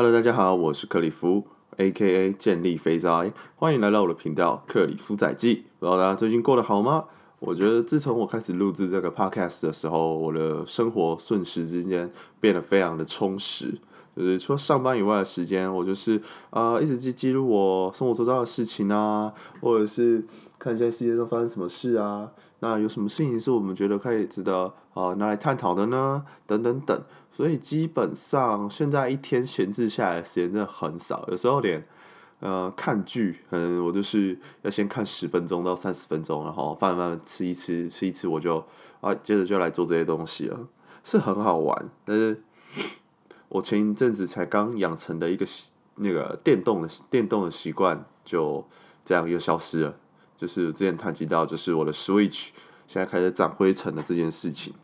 Hello，大家好，我是克里夫，A.K.A. 建立肥仔。歡迎來到我的頻道克里夫載記。不知道大家最近過得好嗎？我覺得自從我開始錄製這個 Podcast 的時候，我的生活瞬時之間變得非常的充實。就是除了上班以外的時間，我就是啊、呃，一直記錄我生活周遭的事情啊，或者是看一下世界上發生什麼事啊。那有什麼事情是我們覺得可以值得啊、呃、拿來探討的呢？等等等。所以基本上現在一天閒置下來的時間真的很少，有時候連呃，看劇，可能我就是要先看十分鐘到三十分鐘，然後慢慢吃一吃、吃一吃，我就啊接着就來做這些東西了，是很好玩。但是，我前一陣子才剛養成的一個習那個電動的電動的習慣，就這樣又消失了。就是之前談及到，就是我的 Switch 現在開始長灰塵的這件事情。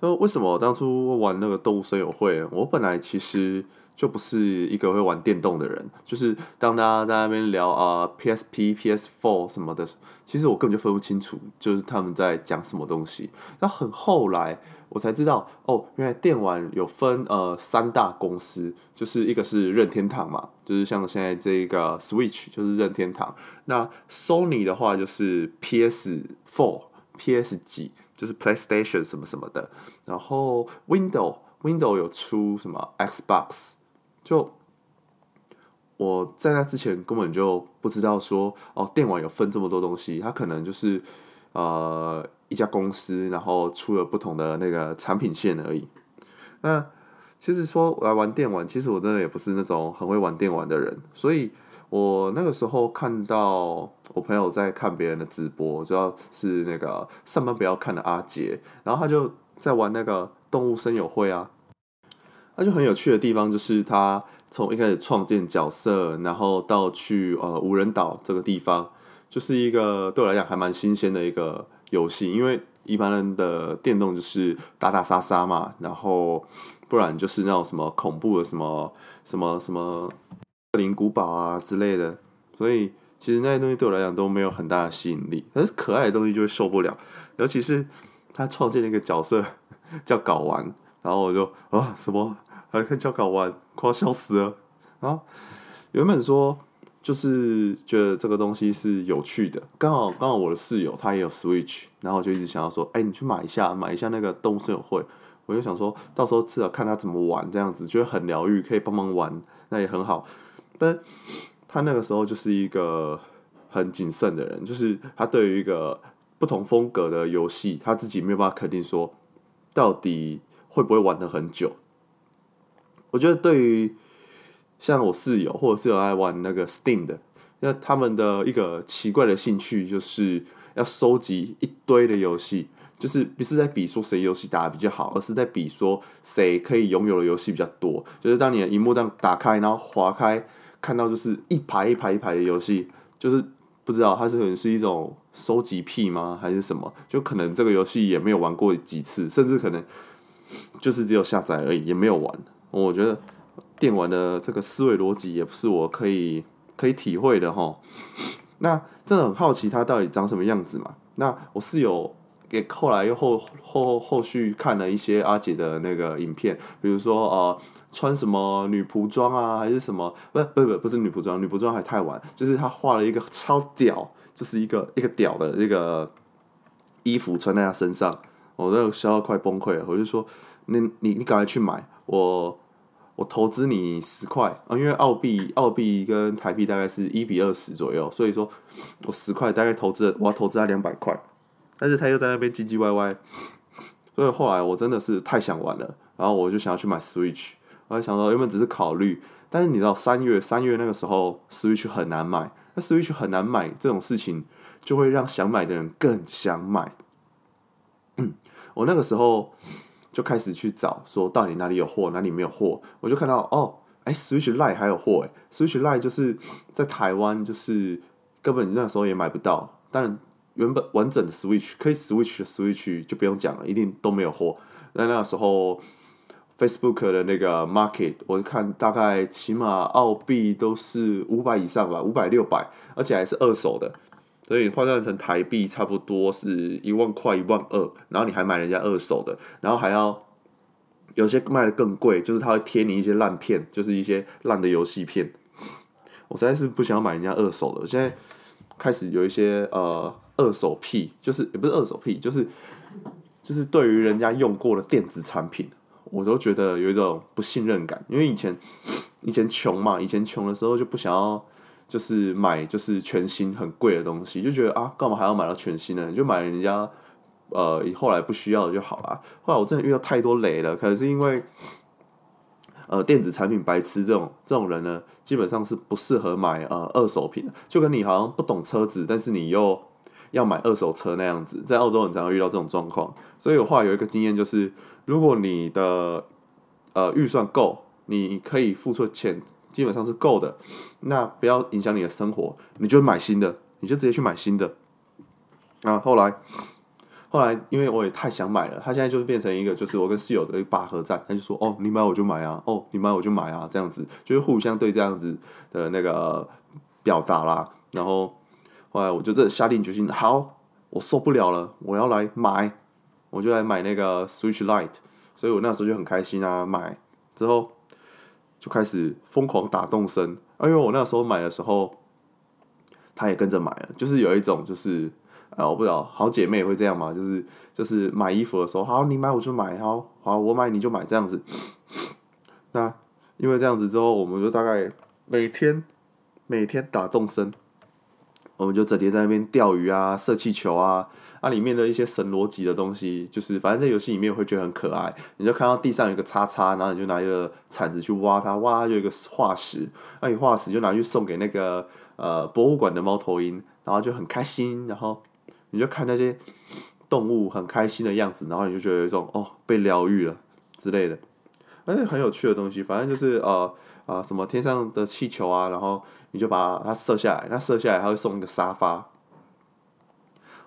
那為什麼我當初玩那個動物森友會？我本來其實就不是一個會玩電動的人，就是當大家在那邊聊啊，PSP、呃、PS4 什麼的，其實我根本就分不清楚，就是他們在講什麼東西。那很後來我才知道，哦，原來電玩有分呃三大公司，就是一個是任天堂嘛，就是像現在這一個 Switch 就是任天堂，那 Sony 的話就是 PS4。P S 幾就是 PlayStation 什麼什麼的，然後 Window Window 有出什麼 Xbox，就我在那之前根本就不知道說，哦，電玩有分這麼多東西，它可能就是呃一家公司然後出了不同的那個產品線而已。那其實說我來玩電玩，其實我真的也不是那種很會玩電玩的人，所以。我那個時候看到我朋友在看別人的直播，主要是那個上班不要看的阿杰，然後他就在玩那個動物森友會啊。那就很有趣的地方就是他從一開始創建角色，然後到去呃無人島這個地方，就是一個對我來講還蠻新鮮的一個遊戲，因為一般人的電動就是打打殺殺嘛，然後不然就是那種什麼恐怖的什麼什麼什麼。什麼林古堡啊之類的，所以其實那些東西對我來講都沒有很大的吸引力。但是可愛的東西就會受不了，尤其是他創建了一個角色叫睾丸，然後我就啊什麼還可以叫睾丸，快要笑死了啊！原本說就是覺得這個東西是有趣的，剛好剛好我的室友他也有 Switch，然後就一直想要說，哎、欸，你去買一下買一下那個動物森友會，我就想說到時候至少看他怎麼玩這樣子，就會很療癒，可以幫忙玩，那也很好。但他那個時候就是一個很謹慎的人，就是他對於一個不同風格的遊戲，他自己沒有辦法肯定說到底會不會玩得很久。我覺得對於像我室友或者是有愛玩那個 Steam 的，那他們的一個奇怪的興趣就是要收集一堆的遊戲，就是不是在比說誰遊戲打得比較好，而是在比說誰可以擁有的遊戲比較多。就是當你的熒幕這樣打開，然後劃開。看到就是一排一排一排的遊戲，就是不知道它是可能是一種收集癖嗎，還是什麼？就可能這個遊戲也沒有玩過幾次，甚至可能就是只有下載而已，也沒有玩。我覺得電玩的這個思維邏輯也不是我可以可以體會的吼，那真的很好奇它到底長什麼樣子嘛？那我室友也後來又後後後後續看了一些阿杰的那個影片，比如說呃。穿什麼女僕裝啊？還是什麼？不是不是不是女僕裝，女僕裝還太晚。就是她畫了一個超屌，就是一個一個屌的那個衣服穿在她身上，我那個笑快崩潰了。我就說，你你你趕快去買，我我投資你十塊啊，因為澳幣澳幣跟台幣大概是一比二十左右，所以說我十塊大概投資，我要投資他兩百塊。但是他又在那邊唧唧歪歪，所以後來我真的是太想玩了，然後我就想要去買 Switch。我在想說，原本只是考慮，但是你知道三月三月那個時候 Switch 很難買，那 Switch 很難買這種事情，就會讓想買的人更想買。嗯、我那個時候就開始去找，說到底哪裡有貨，哪裡沒有貨。我就看到哦，哎、欸、，Switch Lite 還有貨哎、欸、，Switch Lite 就是在台灣就是根本那時候也買不到。但原本完整的 Switch 可以 Switch 的 Switch 就不用講了，一定都沒有貨。那那個時候。Facebook 的那個 Market，我看大概起碼澳幣都是五百以上吧，五百六百，而且還是二手的，所以換算成台幣差不多是一萬塊一萬二，然後你還買人家二手的，然後還要有些賣的更貴，就是他會貼你一些爛片，就是一些爛的遊戲片， 我實在是不想買人家二手的，我現在開始有一些呃二手癖就是也不是二手癖就是就是對於人家用過的電子產品。我都覺得有一種不信任感，因為以前以前窮嘛，以前窮的時候就不想要，就是買就是全新很貴的東西，就覺得啊，幹嘛還要買到全新的？就買人家呃，以後來不需要的就好了。後來我真的遇到太多雷了，可能是因為呃電子產品白痴這種這種人呢，基本上是不適合買呃二手品的，就跟你好像不懂車子，但是你又要買二手車那樣子，在澳洲很常會遇到這種狀況。所以我後來有一個經驗就是。如果你的呃預算夠，你可以付出的錢，基本上是夠的，那不要影響你的生活，你就買新的，你就直接去買新的。啊，後來，後來，因為我也太想買了，他現在就是變成一個，就是我跟室友的一個拔河戰，他就說：“哦，你買我就買啊，哦，你買我就買啊。”這樣子就是互相對這樣子的那個表達啦。然後後來，我就這下定決心，好，我受不了了，我要來買。我就來買那個 Switch Lite，所以我那時候就很開心啊，買之後就開始瘋狂打動森，啊，因為我那時候買的時候，她也跟着買了，就是有一種就是，啊，我不知道，好姐妹會這樣嗎？就是就是買衣服的時候，好，你買我就買，好，好我買你就買這樣子， 那因為這樣子之後，我們就大概每天每天打動森。我們就整天在那邊釣魚啊、射氣球啊，那、啊、裡面的一些神邏輯的東西，就是反正在遊戲裡面會覺得很可愛。你就看到地上有一個叉叉，然後你就拿一個鏟子去挖它，挖它就有一個化石，那你化石就拿去送給那個呃博物館的貓頭鷹，然後就很開心。然後你就看那些動物很開心的樣子，然後你就覺得有一種哦被療癒了之類的，而且很有趣的東西，反正就是呃。啊、呃，什麼天上的氣球啊，然後你就把它射下來，那射下來它會送一個沙發。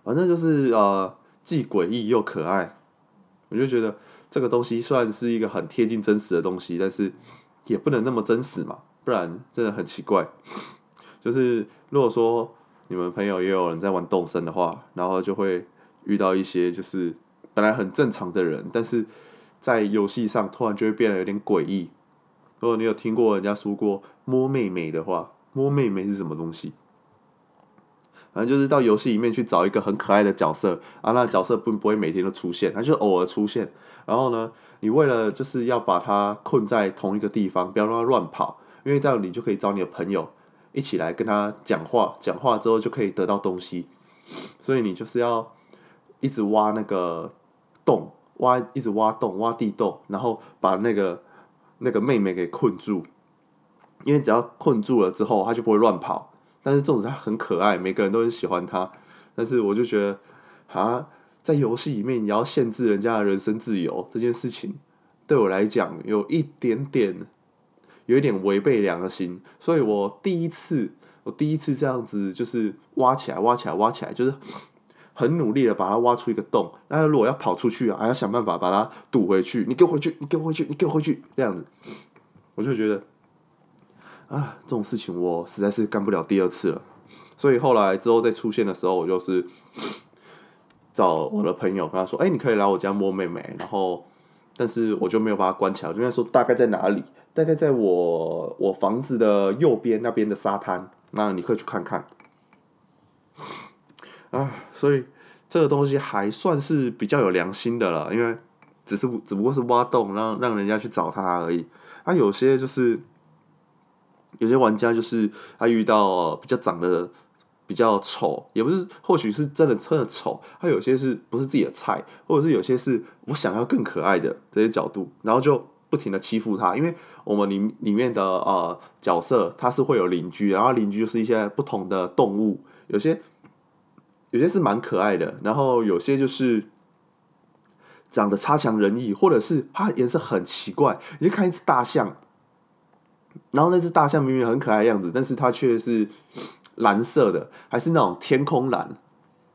反、啊、正就是呃，既詭異又可愛。我就覺得這個東西算是一個很貼近真實的東西，但是也不能那麼真實嘛，不然真的很奇怪。 就是如果說你們朋友也有人在玩動森的話，然後就會遇到一些就是本來很正常的人，但是在遊戲上突然就會變得有點詭異。如果你有聽過人家說過摸妹妹的話，摸妹妹是什麼東西？反正就是到遊戲裡面去找一個很可愛的角色啊，那個、角色不不會每天都出現，它就偶爾出現。然後呢，你為了就是要把它困在同一個地方，不要讓它亂跑，因為這樣你就可以找你的朋友一起來跟他講話，講話之後就可以得到東西。所以你就是要一直挖那個洞，挖一直挖洞，挖地洞，然後把那個。那個妹妹給困住，因為只要困住了之後，她就不會亂跑。但是粽子她很可愛，每個人都很喜歡她。但是我就覺得，啊，在遊戲裡面你要限制人家的人身自由這件事情，對我來講有一點點，有一點違背良心。所以我第一次，我第一次這樣子就是挖起來，挖起來，挖起來，就是。很努力的把它挖出一個洞，那如果要跑出去啊，還要想辦法把它堵回去，回去。你給我回去，你給我回去，你給我回去，這樣子，我就覺得，啊，這種事情我實在是幹不了第二次了。所以後來之後再出現的時候，我就是找我的朋友跟他說，哎、欸，你可以來我家摸妹妹。然後，但是我就沒有把它關起來，我就跟他說大概在哪裡，大概在我我房子的右邊那邊的沙灘，那你可以去看看。啊，所以這個東西還算是比較有良心的了，因為只是只不過是挖洞讓讓人家去找他而已。啊，有些就是有些玩家就是他遇到，呃，比較長得比較醜，也不是或許是真的真的醜，他有些是不是自己的菜，或者是有些是我想要更可愛的這些角度，然後就不停的欺負他，因為我們裡裡面的呃角色他是會有鄰居，然後鄰居就是一些不同的動物，有些。有些是蠻可愛的，然後有些就是長得差強人意，或者是它顏色很奇怪。你就看一隻大象，然後那隻大象明明很可愛的樣子，但是它卻是藍色的，還是那種天空藍，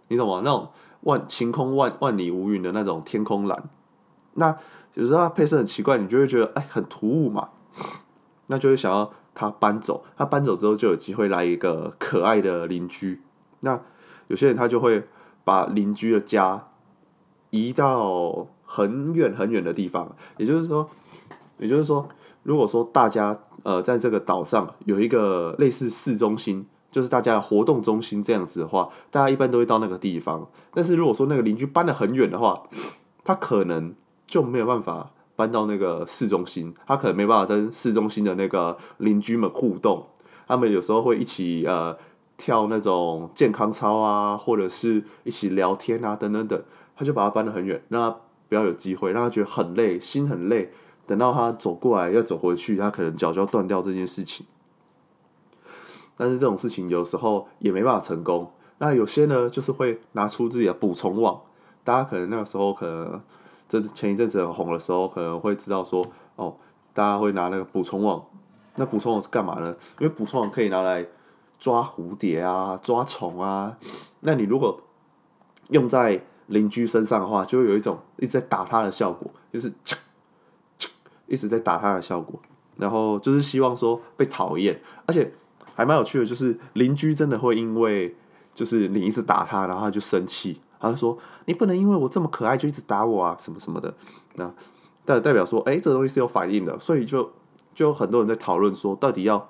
你懂嗎？那種萬晴空萬萬里無雲的那種天空藍。那有時候它配色很奇怪，你就會覺得哎、欸、很突兀嘛，那就會想要它搬走。它搬走之後，就有機會來一個可愛的鄰居。那有些人他就會把鄰居的家移到很遠很遠的地方，也就是說，也就是說，如果說大家呃在這個島上有一個類似市中心，就是大家的活動中心這樣子的話，大家一般都會到那個地方。但是如果說那個鄰居搬得很遠的話，他可能就沒有辦法搬到那個市中心，他可能沒辦法跟市中心的那個鄰居們互動。他們有時候會一起呃。跳那種健康操啊，或者是一起聊天啊，等等等，他就把它搬得很遠，讓他不要有機會，讓他覺得很累，心很累。等到他走過來要走回去，他可能腳就要斷掉這件事情。但是這種事情有時候也沒辦法成功。那有些呢，就是會拿出自己的捕蟲網。大家可能那個時候，可能這前一陣子很紅的時候，可能會知道說，哦，大家會拿那個捕蟲網。那捕蟲網是幹嘛呢？因為捕蟲網可以拿來。抓蝴蝶啊，抓蟲啊，那你如果用在鄰居身上的話，就會有一種一直在打他的效果，就是，一直在打他的效果，然後就是希望說被討厭，而且還蠻有趣的，就是鄰居真的會因為就是你一直打他，然後他就生氣，他就說你不能因為我這麼可愛就一直打我啊，什麼什麼的，那代代表說，哎，這個東西是有反應的，所以就就有很多人在討論說，到底要，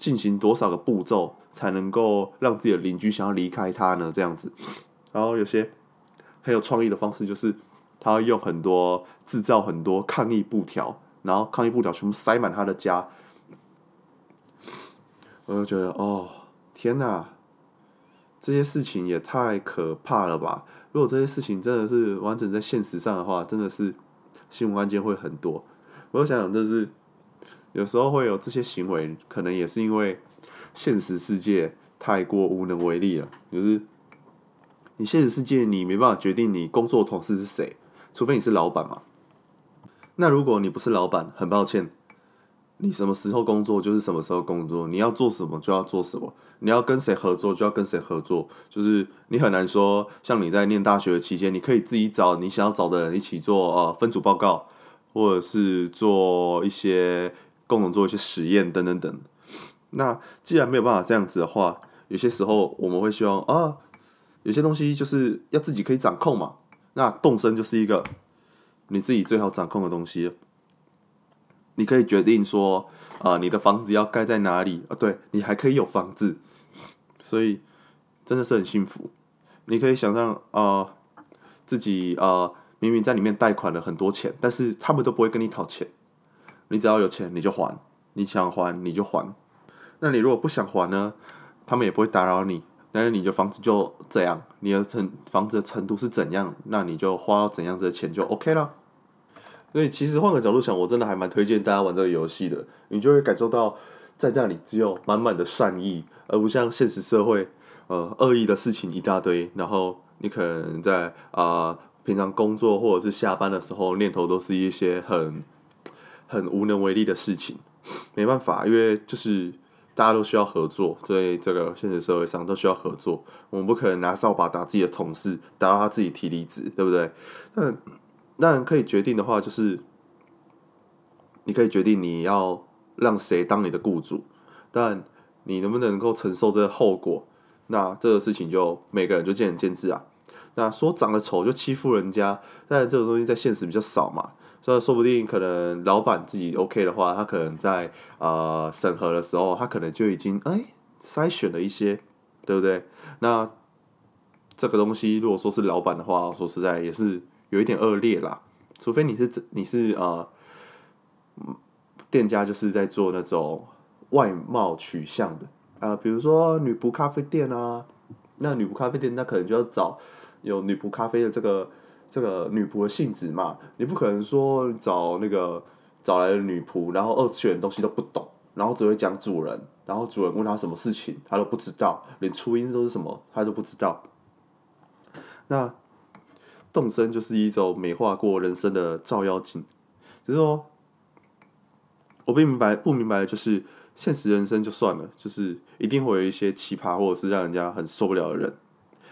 進行多少個步驟才能夠讓自己的鄰居想要離開他呢？這樣子，然後有些很有創意的方式，就是他會用很多製造很多抗議布條，然後抗議布條全部塞滿他的家，我就覺得哦，天哪，這些事情也太可怕了吧！如果這些事情真的是完整在現實上的話，真的是新聞案件會很多。我就想想，這是。有時候會有這些行為，可能也是因為現實世界太過無能為力了。就是你現實世界，你沒辦法決定你工作的同事是誰，除非你是老板嘛。那如果你不是老闆，很抱歉，你什麼時候工作就是什麼時候工作，你要做什麼就要做什麼，你要跟誰合作就要跟誰合作，就是你很難說。像你在念大學的期間，你可以自己找你想要找的人一起做呃分組報告，或者是做一些。共同做一些實驗等等等。那既然沒有辦法這樣子的話，有些時候我們會希望啊，有些東西就是要自己可以掌控嘛。那動森就是一個你自己最好掌控的東西。你可以決定說啊、呃，你的房子要蓋在哪裡啊？對，你還可以有房子，所以真的是很幸福。你可以想象啊、呃，自己啊、呃，明明在裡面貸款了很多錢，但是他們都不會跟你討錢。你只要有錢，你就還，你想還你就還。那你如果不想還呢，他們也不會打擾你。但是你的房子就這樣，你的成房子的程度是怎樣，那你就花怎樣的錢就 OK 啦。所以其實換個角度想，我真的還蠻推薦大家玩這個遊戲的。你就會感受到在這裡只有滿滿的善意，而不像現實社會，呃，惡意的事情一大堆。然後你可能在啊、呃、平常工作或者是下班的時候，念頭都是一些很。很無能為力的事情，沒辦法，因為就是大家都需要合作，所以這個現實社會上都需要合作。我們不可能拿掃把打自己的同事，打到他自己提離職，對不對？那當然可以決定的話，就是你可以決定你要讓誰當你的僱主，但你能不能夠承受這個後果？那這個事情就每個人就見仁見智啊。那說長得醜就欺負人家，但這種東西在現實比較少嘛。這說不定可能老闆自己 OK 的話，他可能在呃審核的時候，他可能就已經哎篩、欸、選了一些，對不對？那這個東西如果說是老闆的話，我說實在也是有一點惡劣啦。除非你是你是呃店家，就是在做那種外貌取向的，呃，比如說女僕咖啡店啊，那女僕咖啡店那可能就要找有女僕咖啡的這個。這個女僕的性子嘛，你不可能說找那個找來的女僕，然後二次元的東西都不懂，然後只會講主人，然後主人問他什麼事情，他都不知道，連初音都是什麼，他都不知道。那動森就是一種美化過人生的照妖鏡，只是說我不明白，不明白的就是現實人生就算了，就是一定會有一些奇葩，或者是讓人家很受不了的人。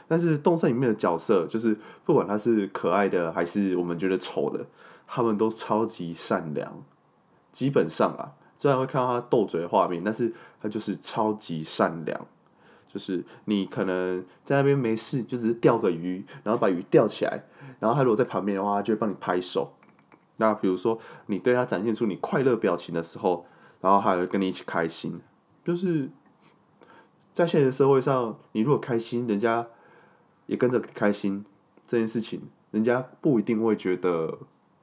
但是動漫裡面的角色，就是不管他是可愛的還是我們覺得醜的,他們都超級善良。基本上啊，雖然會看到他鬥嘴的畫面，但是他就是超級善良。就是你可能在那邊沒事，就只是釣個魚，然後把魚釣起來，然後他如果在旁邊的話，他就會幫你拍手。那比如說你對他展現出你快樂表情的時候，然後他還會跟你一起開心。就是在現實社會上，你如果開心，人家，也跟着開心這件事情，人家不一定會覺得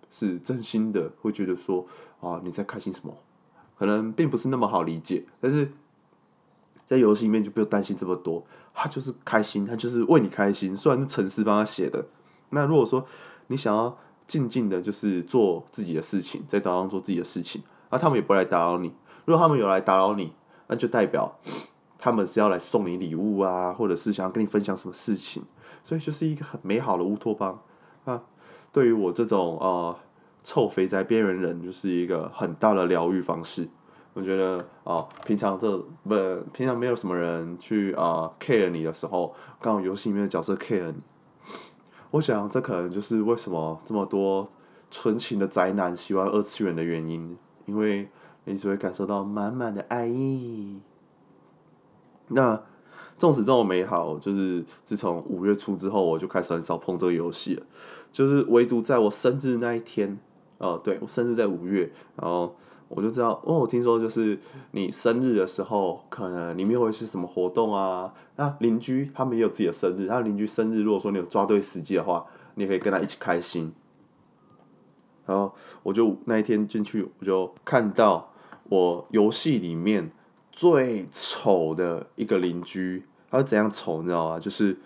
是真心的，會覺得說，啊你在開心什麼，可能並不是那麼好理解。但是在遊戲裡面就不用擔心這麼多，他就是開心，他就是為你開心。雖然是程式幫他寫的，那如果說你想要靜靜的，就是做自己的事情，在島上做自己的事情，那他們也不會來打擾你。如果他們有來打擾你，那就代表他們是要來送你禮物啊，或者是想要跟你分享什麼事情。所以就是一個很美好的烏托邦啊，對於我這種啊、呃、臭肥宅邊緣人，就是一個很大的療癒方式。我覺得啊、呃，平常這不、呃、平常沒有什麼人去啊、呃、care 你的時候，剛好遊戲裡面的角色 care 你。我想這可能就是為什麼這麼多純情的宅男喜歡二次元的原因，因為你只會感受到滿滿的愛意。那。縱使這麼美好，就是自從五月初之後，我就開始很少碰這個遊戲了。就是唯獨在我生日那一天，哦、嗯，對，我生日在五月，然後我就知道，哦，我聽說就是你生日的時候，可能裡面會是什麼活動啊。那鄰居他們也有自己的生日，那鄰居生日，如果說你有抓對時機的話，你也可以跟他一起開心。然後我就那一天進去，我就看到我遊戲裡面。最醜的一個鄰居，他是怎樣醜，你知道嗎？就是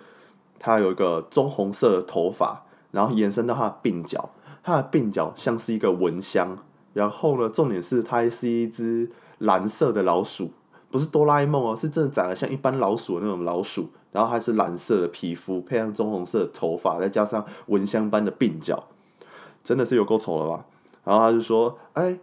他有一個棕紅色的頭髮，然後延伸到他的鬢角，他的鬢角像是一個蚊香。然後呢，重點是他還是一隻藍色的老鼠，不是哆啦 A 夢啊，是真的長得像一般老鼠的那種老鼠。然後還是藍色的皮膚，配上棕紅色的頭髮，再加上蚊香般的鬢角，真的是有夠醜了吧？然後他就說：“哎、欸。”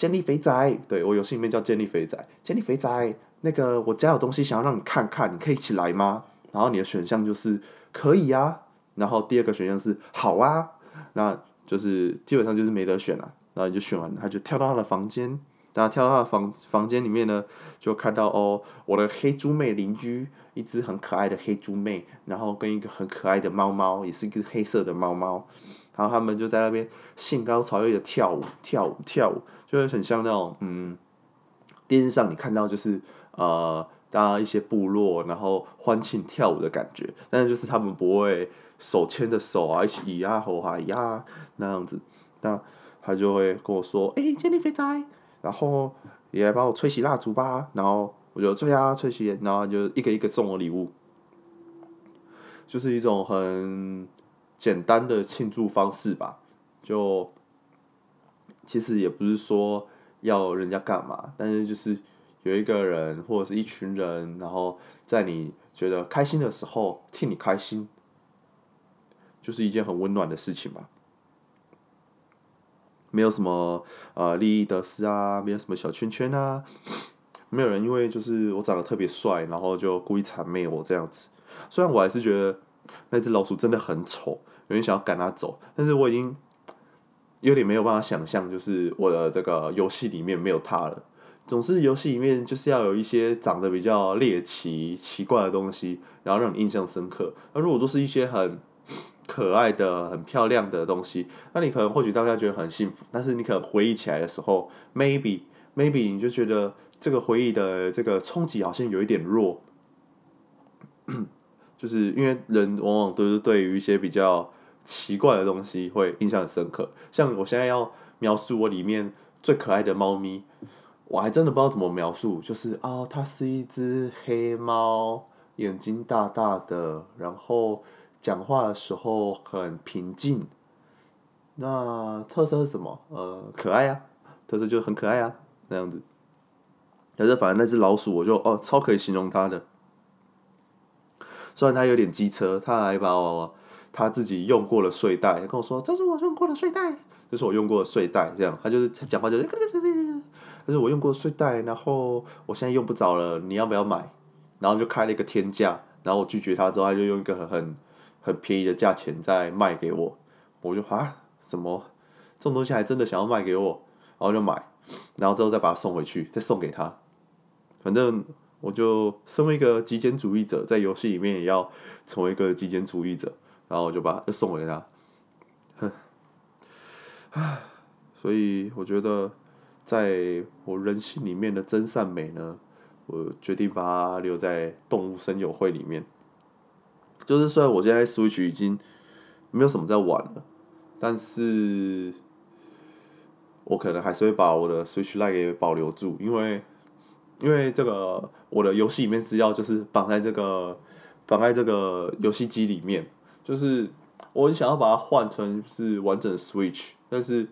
建立肥仔，對，我遊戲裡面叫建立肥仔，建立肥仔，那個我家有東西想要讓你看看，你可以起來嗎？然後你的選項就是可以啊，然後第二個選項是好啊，那就是基本上就是沒得選了啊，那你就選完了，他就跳到他的房間，然後跳到他的房房間裡面呢，就看到哦，我的黑豬妹鄰居，一只很可愛的黑豬妹，然後跟一個很可愛的貓貓，也是一個黑色的貓貓。然後他們就在那邊興高采烈的跳舞，跳舞，跳舞，就是很像那種嗯，電視上你看到就是呃，大家一些部落然後歡慶跳舞的感覺，但是就是他們不會手牽着手啊，一起咿呀、啊、吼呀咿呀那樣子。那他就會跟我說：“哎誒，精靈肥仔，然後你來幫我吹熄蠟燭吧。”然後我就吹啊吹熄，然後就一個一個送我禮物，就是一種很。簡單的慶祝方式吧，就其實也不是說要人家幹嘛，但是就是有一個人或者是一群人，然後在你覺得開心的時候替你開心，就是一件很溫暖的事情吧。沒有什麼呃，利益得失啊，沒有什麼小圈圈啊，沒有人因為就是我長得特別帥，然後就故意諂媚我這樣子。雖然我還是覺得。那隻老鼠真的很醜，有點想要趕它走，但是我已經有點沒有辦法想象，就是我的這個遊戲裡面沒有它了。總之遊戲裡面就是要有一些長得比較獵奇、奇怪的東西，然後讓你印象深刻。那如果都是一些很可愛的、很漂亮的東西，那你可能或許大家覺得很幸福，但是你可能回憶起來的時候，maybe maybe 你就覺得這個回憶的這個衝擊好像有一點弱。 就是因為人往往都是對於一些比較奇怪的東西會印象很深刻，像我現在要描述我裡面最可愛的貓咪，我還真的不知道怎麼描述，就是哦，它是一隻黑貓，眼睛大大的，然後講話的時候很平靜，那特色是什麼？呃，可愛呀，特色就很可愛呀，那樣子。但是反而那隻老鼠，我就哦，超可以形容它的。雖然他有點機車，他還把我他自己用過的睡袋跟我說：“這是我用過的睡袋，這、就是我用過的睡袋。”這樣，他就是他講話就是，這是我用過的睡袋，然後我現在用不着了，你要不要買？然後就開了一個天價，然後我拒絕他之後，他就用一個很很很便宜的價錢再賣給我，我就啊，什麼這種東西還真的想要賣給我，然後就買，然後之後再把他送回去，再送給他，反正。我就身為一個極簡主義者，在遊戲裡面也要成為一個極簡主義者，然後我就把它送給他。哼。所以我覺得，在我人性裡面的真善美呢，我決定把它留在動物森友會裡面。就是雖然我現在 Switch 已經沒有什麼在玩了，但是，我可能還是會把我的 Switch Lite 給保留住，因為。因為這個我的遊戲裡面資料就是綁在這個，綁在這個遊戲機裡面，就是我很想要把它換成是完整 Switch，但是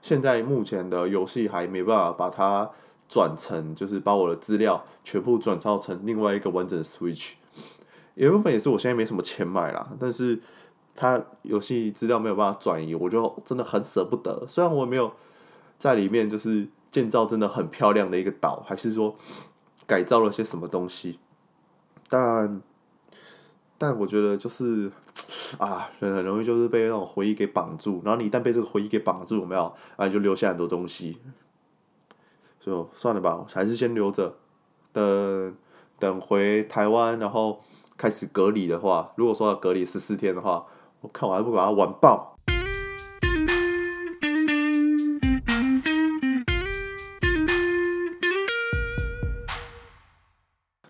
現在目前的遊戲還沒辦法把它轉成，就是把我的資料全部轉造成另外一個完整 Switch，有一部分也是我現在沒什麼錢買啦，但是它遊戲資料沒有辦法轉移，我就真的很捨不得。雖然我沒有在裡面，就是。建造真的很漂亮的一個島，還是說改造了些什麼東西？但但我覺得就是啊，人很容易就是被那種回憶給綁住。然後你一旦被這個回憶給綁住，有沒有啊，然後你就留下很多東西。就算了吧，我還是先留着。等等回台灣，然後開始隔離的話，如果說要隔離十四天的話，我看我還不把它玩爆。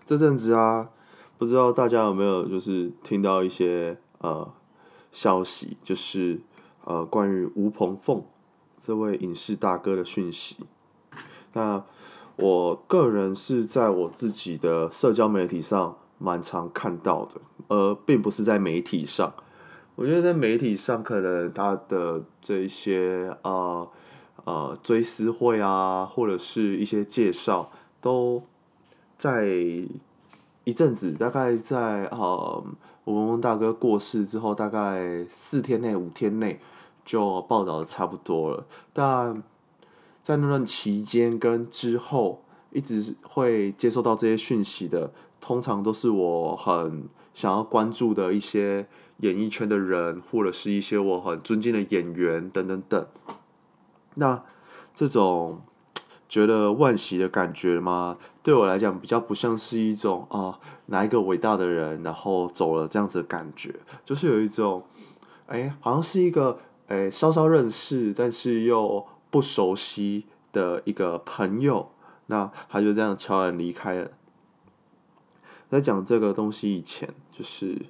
這陣子啊，不知道大家有沒有就是聽到一些呃消息，就是呃關於吳朋奉這位影視大哥的訊息。那我個人是在我自己的社交媒體上蠻常看到的，而並不是在媒體上。我覺得在媒體上，可能他的這些啊啊、呃呃、追思會啊，或者是一些介紹都。在一陣子，大概在呃，吳、嗯、吳大哥過世之後，大概四天內、五天內就報道的差不多了。但在那段期間跟之後，一直會接收到這些訊息的，通常都是我很想要關注的一些演藝圈的人，或者是一些我很尊敬的演員等等等。那這種覺得惋惜的感覺嗎？對我來講，比較不像是一種啊、呃，哪一個偉大的人然後走了這樣子的感覺，就是有一種，哎，好像是一個哎稍稍認識，但是又不熟悉的一個朋友，那他就這樣悄然離開了。在講這個東西以前，就是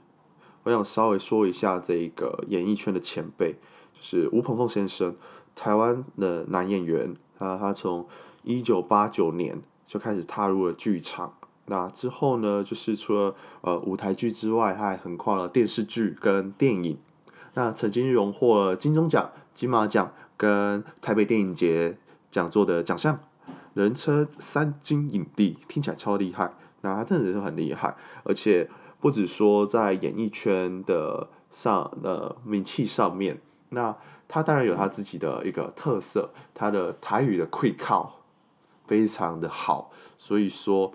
我想稍微說一下這一個演藝圈的前輩，就是吳朋奉先生，台灣的男演員，他他從一九八九年。就開始踏入了劇場。那之後呢，就是除了呃舞台劇之外，他還橫跨了電視劇跟電影。那曾經榮獲金鐘獎、金馬獎跟台北電影節講座的獎項，人稱三金影帝，聽起來超厲害。那他真的是很厲害，而且不只說在演藝圈的上呃名氣上面，那他當然有他自己的一個特色，他的台語的 Quekao。非常的好，所以說，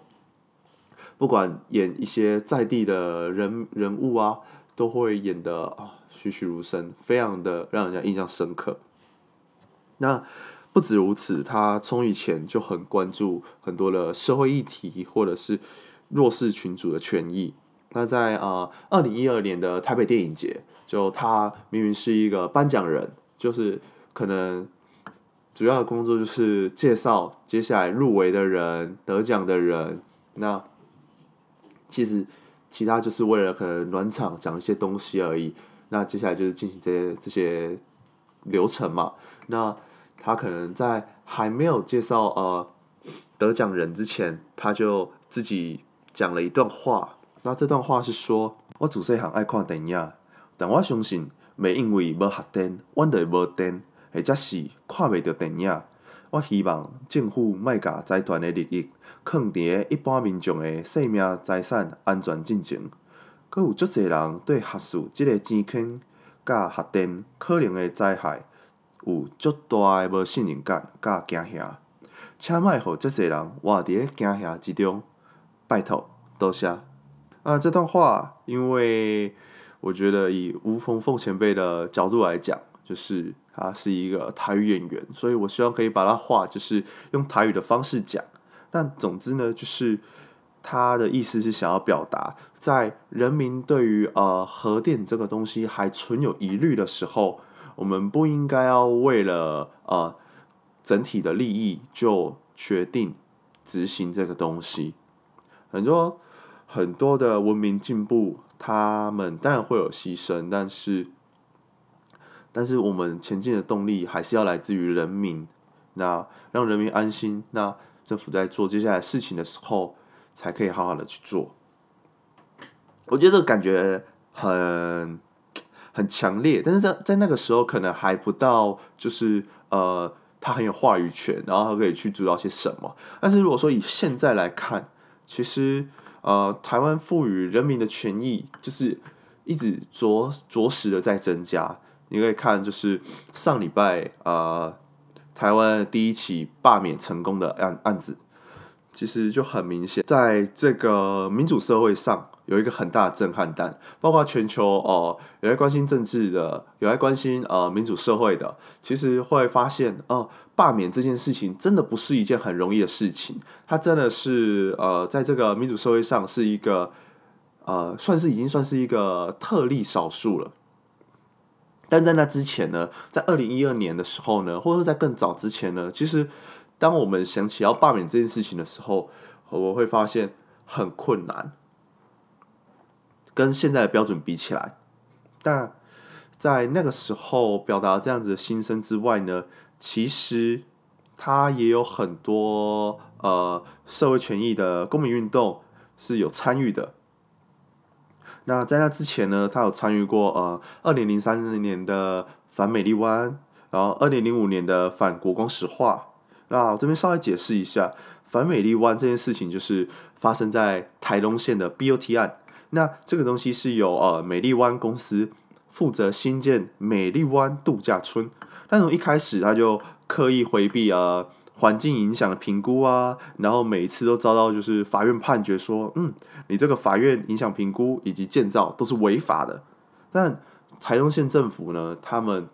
不管演一些在地的人人物啊，都會演得啊栩栩如生，非常的讓人家印象深刻。那不止如此，他從以前就很關注很多的社會議題或者是弱勢群組的權益。那在呃二零一二年的台北電影節，就他明明是一個頒獎人，就是可能。主要的工作就是介紹接下來入圍的人、得獎的人。那其實其他就是為了可能暖場，講一些東西而已。那接下來就是進行這些這些流程嘛。那他可能在還沒有介紹呃得獎人之前，他就自己講了一段話。那這段話是說：“我自細漢愛看電影，但我相信，袂因為無核電，阮就會無電。”或者是看袂到電影，我希望政府莫教財團的利益，抗佇個一般民眾的生命財產安全進前。閣有足儕人對核事即個爭搶，甲核電可能的災害，有足大的無信任感甲驚嚇，請莫互足儕人活佇個驚嚇之中。拜托，多謝。啊，這段話，因為我覺得以吳朋奉前輩的角度來講，就是。他是一個台語演員，所以我希望可以把他話就是用台語的方式講。但總之呢，就是他的意思是想要表達，在人民對於呃核電這個東西還存有疑慮的時候，我們不應該要為了呃整體的利益就決定執行這個東西。很多很多的文明進步，他們當然會有犧牲，但是。但是我們前進的動力還是要來自於人民，那讓人民安心，那政府在做接下來事情的時候，才可以好好的去做。我覺得這個感覺很很強烈，但是在在那個時候，可能還不到，就是呃，他很有話語權，然後他可以去主導些什麼。但是如果說以現在來看，其實呃，台灣賦予人民的權益，就是一直着着實的在增加。你可以看，就是上禮拜啊、呃，台灣第一起罷免成功的案案子，其實就很明顯，在這個民主社會上有一個很大的震撼彈。包括全球哦、呃，有在關心政治的，有在關心呃民主社會的，其實會發現哦，罷免這件事情真的不是一件很容易的事情。它真的是呃，在這個民主社會上是一個呃，算是已經算是一個特例少數了。但在那之前呢，在二零一二年的時候呢，或者在更早之前呢，其實當我們想起要罷免這件事情的時候，我會發現很困難，跟現在的標準比起來。但在那個時候表達這樣子的心聲之外呢，其實它也有很多呃社會權益的公民運動是有參與的。那在那之前呢，他有參與過呃，二零零三年的反美麗灣，然後二零零五年的反國光石化。那我這邊稍微解釋一下，反美麗灣這件事情就是發生在台東縣的 BOT 案。那這個東西是由呃美麗灣公司負責新建美麗灣度假村，那從一開始他就刻意回避呃環境影響的評估啊，然後每一次都遭到就是法院判決說，嗯。你這個法院影響評估以及建造都是違法的，但台東縣政府呢，他們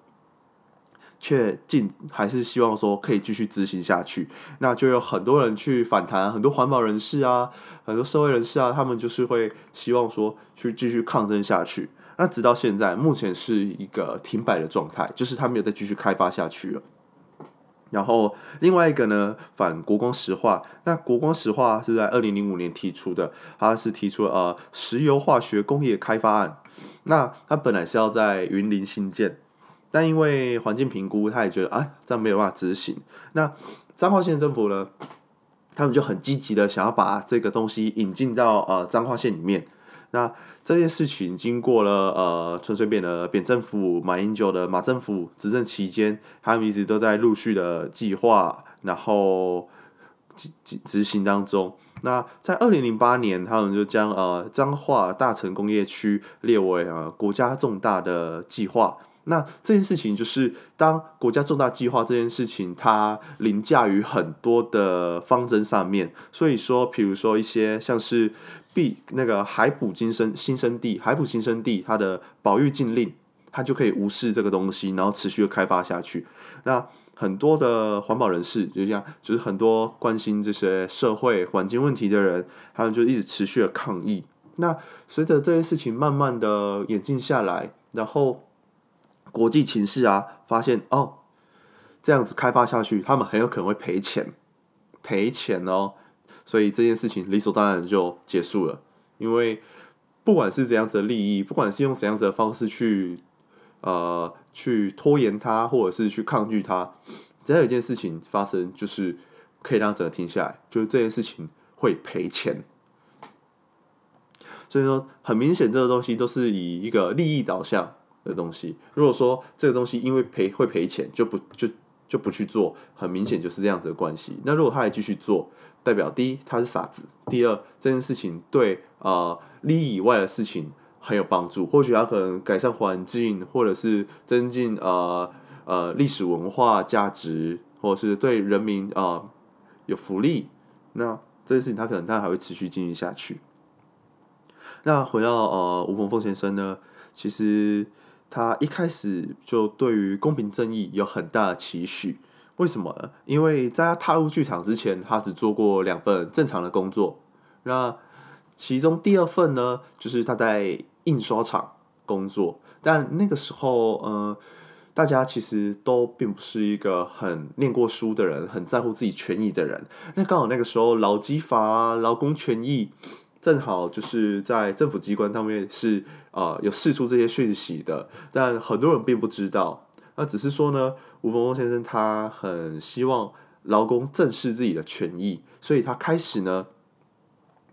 卻竟還是希望說可以繼續執行下去，那就有很多人去反彈，很多環保人士啊，很多社會人士啊，他們就是會希望說去繼續抗爭下去，那直到現在，目前是一個停擺的狀態，就是他們也再繼續開發下去了。然後另外一個呢，反國光石化。那國光石化是在二零零五年提出的，它是提出呃石油化學工業開發案。那它本來是要在雲林興建，但因為環境評估，他也覺得啊，這樣沒有辦法執行。那彰化縣政府呢，他們就很積極的想要把這個東西引進到呃彰化縣裡面。那這件事情經過了呃，陳水扁的扁政府、馬英九的馬政府執政期間，他們一直都在陸續的計劃，然後執執執行當中。那在二零零八年，他們就將呃彰化大成工業區列為呃國家重大的計劃。那這件事情就是，當國家重大計劃這件事情，它凌駕於很多的方針上面。所以說，比如說一些像是。B 那個海埔新生新生地海埔新生地、海新生地它的保育禁令，它就可以無視這個東西，然後持續的開發下去。那很多的環保人士就這樣，就是很多關心這些社會環境問題的人，他們就一直持續的抗議。那隨着這些事情慢慢的演進下來，然後國際情勢啊，發現哦，這樣子開發下去，他們很有可能會賠錢，賠錢哦。所以這件事情理所當然就結束了，因為不管是怎樣子的利益，不管是用怎樣子的方式去，呃，去拖延它，或者是去抗拒它，只要有一件事情發生，就是可以讓整個停下來，就是這件事情會賠錢。所以說，很明顯，這個東西都是以一個利益導向的東西。如果說這個東西因為賠會賠錢，就不就就不去做，很明顯就是這樣子的關係。那如果他還繼續做，代表第一，他是傻子；第二，這件事情對啊、呃、利益以外的事情很有幫助。或許他可能改善環境，或者是增進呃呃歷史文化價值，或者是對人民啊、呃、有福利。那這件事情他可能他還會持續經營下去。那回到呃吳鵬峰先生呢，其實他一開始就對於公平正義有很大的期許。為什麼呢？因為在他踏入劇場之前，他只做過兩份正常的工作。那其中第二份呢，就是他在印刷廠工作。但那個時候，嗯、呃、大家其實都並不是一個很念過書的人，很在乎自己權益的人。那剛好那個時候，勞基法、啊、勞工權益，正好就是在政府機關上面是啊、呃、有釋出這些訊息的，但很多人並不知道。那只是說呢，吳文峰先生他很希望勞工正視自己的權益，所以他開始呢，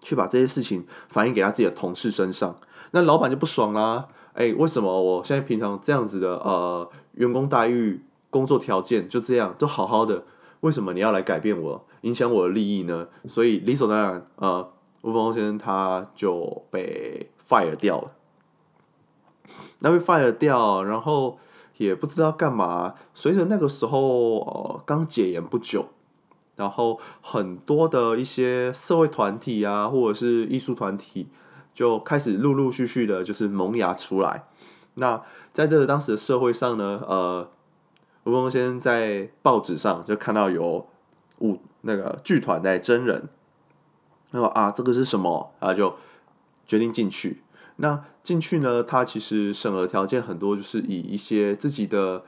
去把這些事情反映給他自己的同事身上。那老闆就不爽啦、啊，哎、欸，為什麼我現在平常這樣子的呃員工待遇、工作條件就這樣都好好的，為什麼你要來改變我、影響我的利益呢？所以理所當然，呃，吳文峰先生他就被 fire 掉了，那被 fire 掉，然後。也不知道幹嘛。隨着那個時候，呃，剛解嚴不久，然後很多的一些社會團體啊，或者是藝術團體，就開始陸陸續續的，就是萌芽出來。那在這個當時的社會上呢，呃，吳峰先生在報紙上就看到有舞那個劇團在徵人，他、那、說、個、啊，這個是什麼？啊，就決定進去。那進去呢？他其實審核條件很多，就是以一些自己的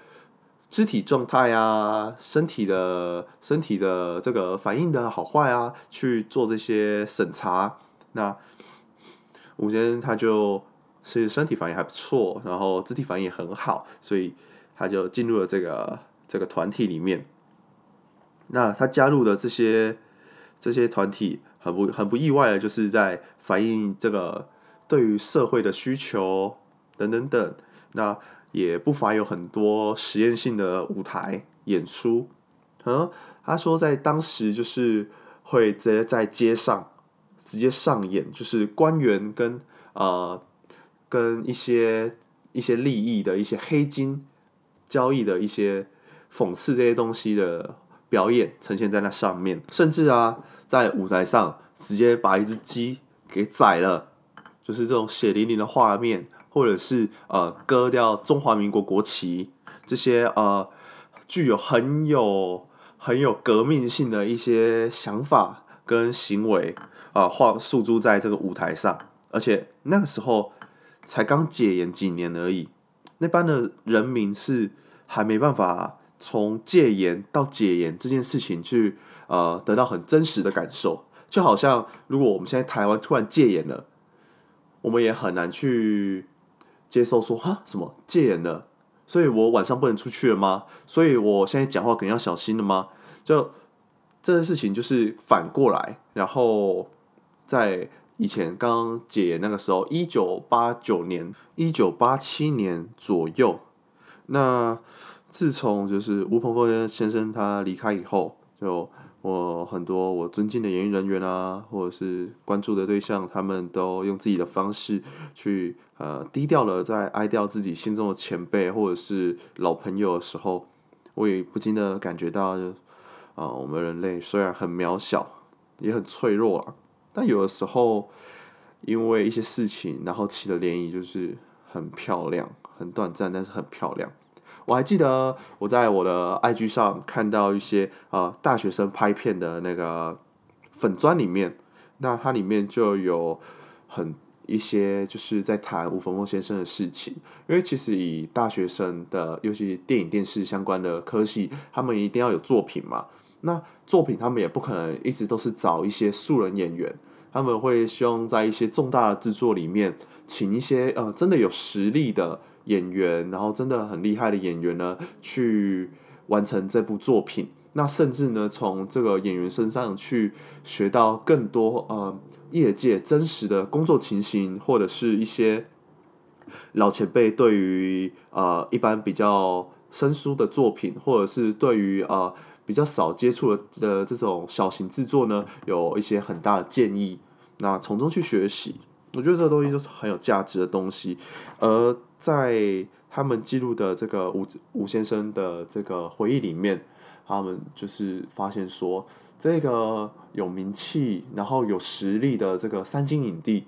肢體狀態啊、身體的身體的這個反應的好壞啊去做這些審查。那吳先生他就是身體反應還不錯，然後肢體反應也很好，所以他就進入了這個這個團體裡面。那他加入的這些這些團體，很不很不意外的，就是在反映這個。對於社會的需求等等等，那也不乏有很多實驗性的舞台演出。嗯，他說在當時就是會直接在街上直接上演，就是官員跟啊、呃、跟一些一些利益的一些黑金交易的一些諷刺這些東西的表演，呈現在那上面，甚至啊在舞台上直接把一隻雞給宰了。就是這種血淋淋的畫面，或者是呃割掉中華民國國旗這些呃具有很有很有革命性的一些想法跟行為啊，話訴諸在這個舞台上，而且那個時候才剛解嚴幾年而已，那般，的人民是還沒辦法從戒嚴到解嚴這件事情去呃得到很真實的感受，就好像如果我們現在台灣突然戒嚴了。我們也很難去接受說哈什麼戒嚴了，所以我晚上不能出去了嗎？所以我現在講話肯定要小心了嗎？就這件事情就是反過來，然後在以前剛解嚴那個時候，一九八九年、一九八七年左右，那自從就是吳朋奉先生他離開以後就。我很多我尊敬的演藝人員啊，或者是關注的對象，他們都用自己的方式去呃低調的在哀悼自己心中的前輩或者是老朋友的時候，我也不禁的感覺到就，啊、呃，我們人類雖然很渺小，也很脆弱啊，但有的時候因為一些事情，然後起的漣漪就是很漂亮，很短暫，但是很漂亮。我還記得我在我的 IG 上看到一些呃大學生拍片的那個粉磚裡面，那它裡面就有很一些就是在談吳峰峰先生的事情，因為其實以大學生的，尤其電影電視相關的科系，他們一定要有作品嘛。那作品他們也不可能一直都是找一些素人演員，他們會希望在一些重大的製作裡面請一些呃真的有實力的。演員，然後真的很厲害的演員呢，去完成這部作品。那甚至呢，從這個演員身上去學到更多呃，業界真實的工作情形，或者是一些老前輩對於呃一般比較生疏的作品，或者是對於呃比較少接觸的的這種小型製作呢，有一些很大的建議。那從中去學習，我覺得這個東西就是很有價值的東西，而、呃。在他們記錄的這個吳吳先生的這個回憶裡面，他們就是發現說，這個有名氣、然後有實力的這個三金影帝，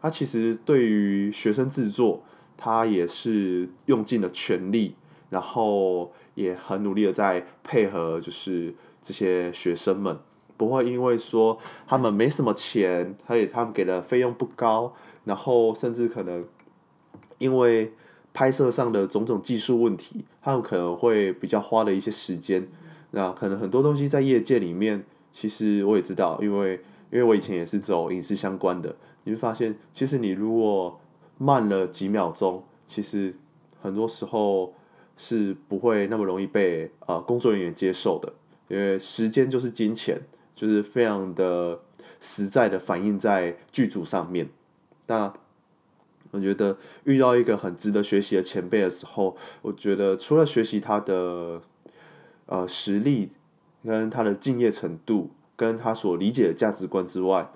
他其實對於學生制作，他也是用盡了全力，然後也很努力的在配合，就是這些學生們，不會因為說他們沒什麼錢，而且他們給的費用不高，然後甚至可能。因為拍攝上的種種技術問題，他們可能會比較花了一些時間。那可能很多東西在業界裡面，其實我也知道，因為因為我以前也是走影視相關的，你會發現，其實你如果慢了幾秒鐘，其實很多時候是不會那麼容易被啊、呃、工作人員接受的。因為時間就是金錢，就是非常的實在的反映在劇組上面。那。我覺得遇到一個很值得學習的前輩的時候，我覺得除了學習他的，呃，實力跟他的敬業程度，跟他所理解的價值觀之外，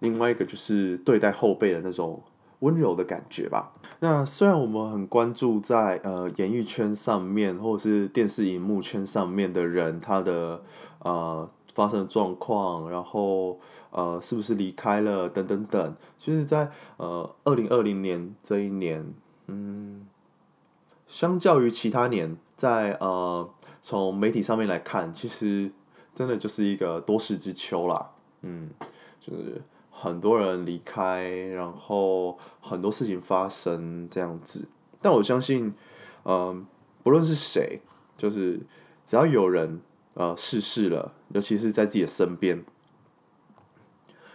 另外一個就是對待後輩的那種溫柔的感覺吧。那雖然我們很關注在呃演藝圈上面，或者是電視熒幕圈上面的人，他的呃。發生的狀況，然後呃，是不是離開了？等等等，其實在呃，二零二零年這一年，嗯，相較於其他年，在呃，從媒體上面來看，其實真的就是一個多事之秋啦。嗯，就是很多人離開，然後很多事情發生這樣子。但我相信，嗯、呃，不論是誰，就是只要有人。呃，逝世了，尤其是在自己的身邊，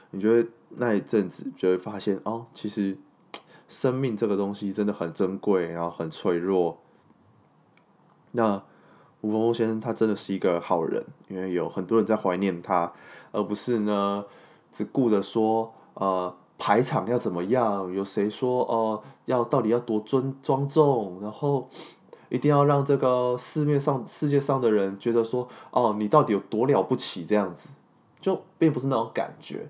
你覺得那一陣子就會發現哦，其實生命這個東西真的很珍貴，然後很脆弱。那吳文峰先生他真的是一個好人，因為有很多人在懷念他，而不是呢只顧着說呃排場要怎麼樣，有誰說哦、呃、要到底要多尊莊重，然後。一定要讓這個市面上、世界上的人覺得說，哦，你到底有多了不起？這樣子，就並不是那種感覺，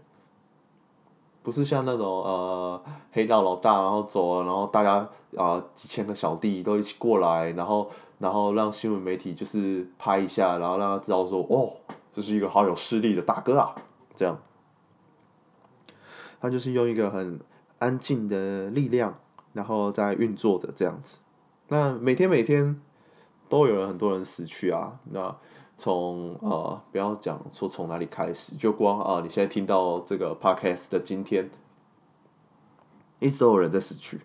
不是像那種呃黑道老大，然後走了，然後大家啊、呃、幾千個小弟都一起過來，然後然後讓新聞媒體就是拍一下，然後讓他知道說，哦，這是一個好有勢力的大哥啊，這樣。他就是用一個很安靜的力量，然後在運作着這樣子。那每天每天都有人，很多人死去啊。那從呃，不要講說從哪裡開始，就光啊，呃，你現在聽到這個 Podcast 的今天，一直都有人在死去。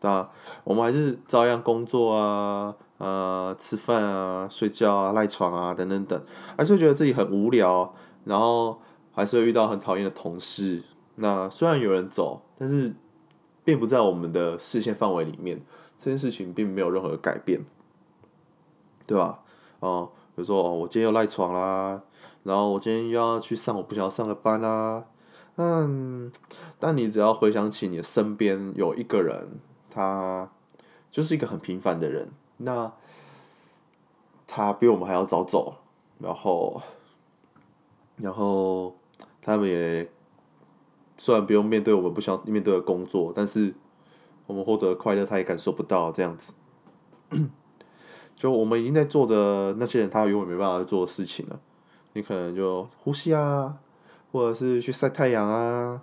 那我們還是照樣工作啊，呃，吃飯啊，睡覺啊，賴床啊，等等等，還是會覺得自己很無聊，然後還是會遇到很討厭的同事。那雖然有人走，但是並不在我們的視線範圍裡面。這件事情並沒有任何的改變，對吧？哦、嗯，比如說哦，我今天要賴床啦，然後我今天又要去上我不想要上的班啦。嗯，但你只要回想起你的身邊有一個人，他就是一個很平凡的人，那他比我們還要早走，然後，然後他們也雖然不用面對我們不想面對的工作，但是。我們獲得快樂，他也感受不到這樣子。 就我們已經在做的那些人，他永遠沒辦法做的事情了。你可能就呼吸啊，或者是去曬太陽啊，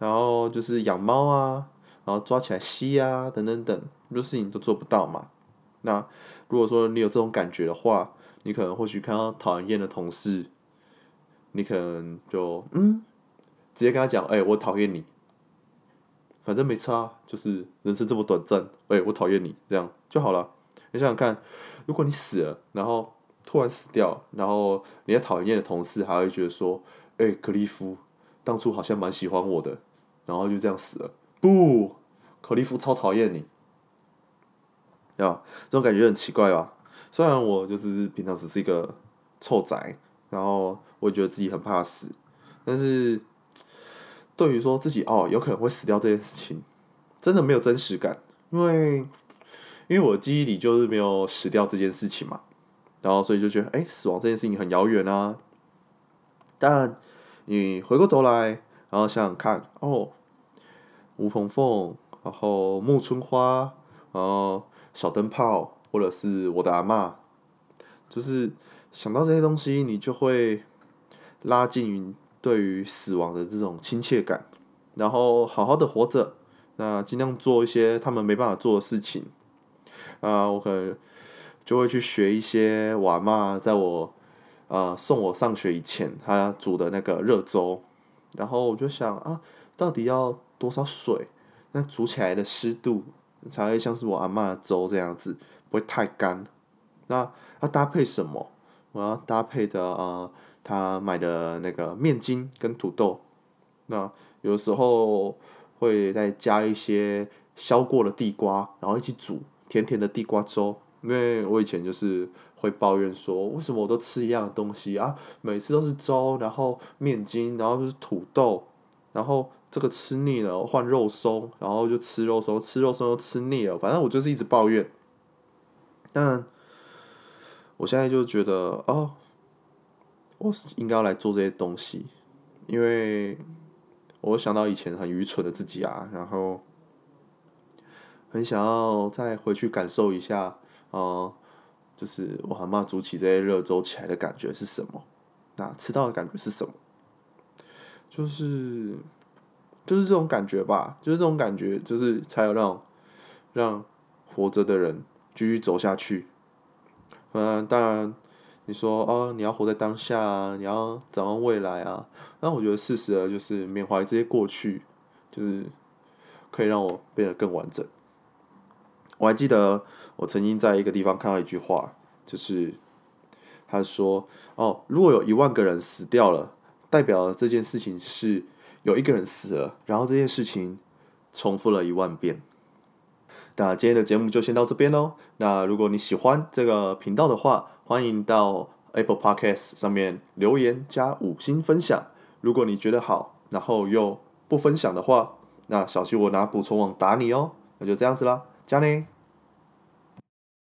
然後就是養貓啊，然後抓起來吸啊，等等等，這些事情都做不到嘛。那如果說你有這種感覺的話，你可能或許看到討厭的同事，你可能就嗯，直接跟他講，哎，我討厭你。反正沒差，就是人生這麼短暫，哎、欸，我討厭你這樣就好了。你想想看，如果你死了，然後突然死掉，然後你那討厭的同事還會覺得說，哎、欸，克利夫當初好像蠻喜歡我的，然後就這樣死了。不，克利夫超討厭你，對吧？這種感覺很奇怪吧？雖然我就是平常只是一個臭宅，然後我也覺得自己很怕死，但是。對於說自己哦，有可能會死掉，這件事情，真的沒有真實感，因為因為我的記憶裡就是沒有死掉這件事情嘛，然後所以就覺得誒，死亡這件事情很遙遠啊。但你回過頭來，然後想想看哦，吳朋奉、然後木村花、然後小燈泡，或者是我的阿嬤，就是想到這些東西，你就會拉近對於死亡的這種親切感，然後好好的活着，那盡量做一些他們沒辦法做的事情。啊、呃，我可能就會去學一些我阿嬤在我呃送我上學以前，她煮的那個熱粥。然後我就想啊，到底要多少水？那煮起來的濕度才會像是我阿嬤的粥這樣子，不會太乾。那要搭配什麼？我要搭配的啊。呃他買的那個麵筋跟土豆，那有時候會再加一些削過的地瓜，然後一起煮甜甜的地瓜粥。因為我以前就是會抱怨說，為什麼我都吃一樣的東西啊？每次都是粥，然後麵筋，然後就是土豆，然後這個吃膩了換肉鬆，然後就吃肉鬆，吃肉鬆又吃膩了，反正我就是一直抱怨。當然，我現在就覺得哦。我應該要來做這些東西，因為我想到以前很愚蠢的自己啊，然後很想要再回去感受一下，嗯、呃，就是我很怕煮起這些熱粥起來的感覺是什麼，那吃到的感覺是什麼，就是就是這種感覺吧，就是這種感覺，就是才有讓讓活着的人繼續走下去。嗯，當然。你說哦，你要活在當下啊，你要展望未來啊。那我覺得事實的就是緬懷這些過去，就是可以讓我變得更完整。我還記得我曾經在一個地方看到一句話，就是他說哦，如果有一萬個人死掉了，代表這件事情是有一個人死了，然後這件事情重複了一萬遍。那今天的節目就先到這邊嘍。那如果你喜歡這個頻道的話，歡迎到 Apple Podcast 上面留言加五星分享。如果你覺得好，然後又不分享的話，那小心我拿捕蟲網打你哦。那就這樣子啦，加你。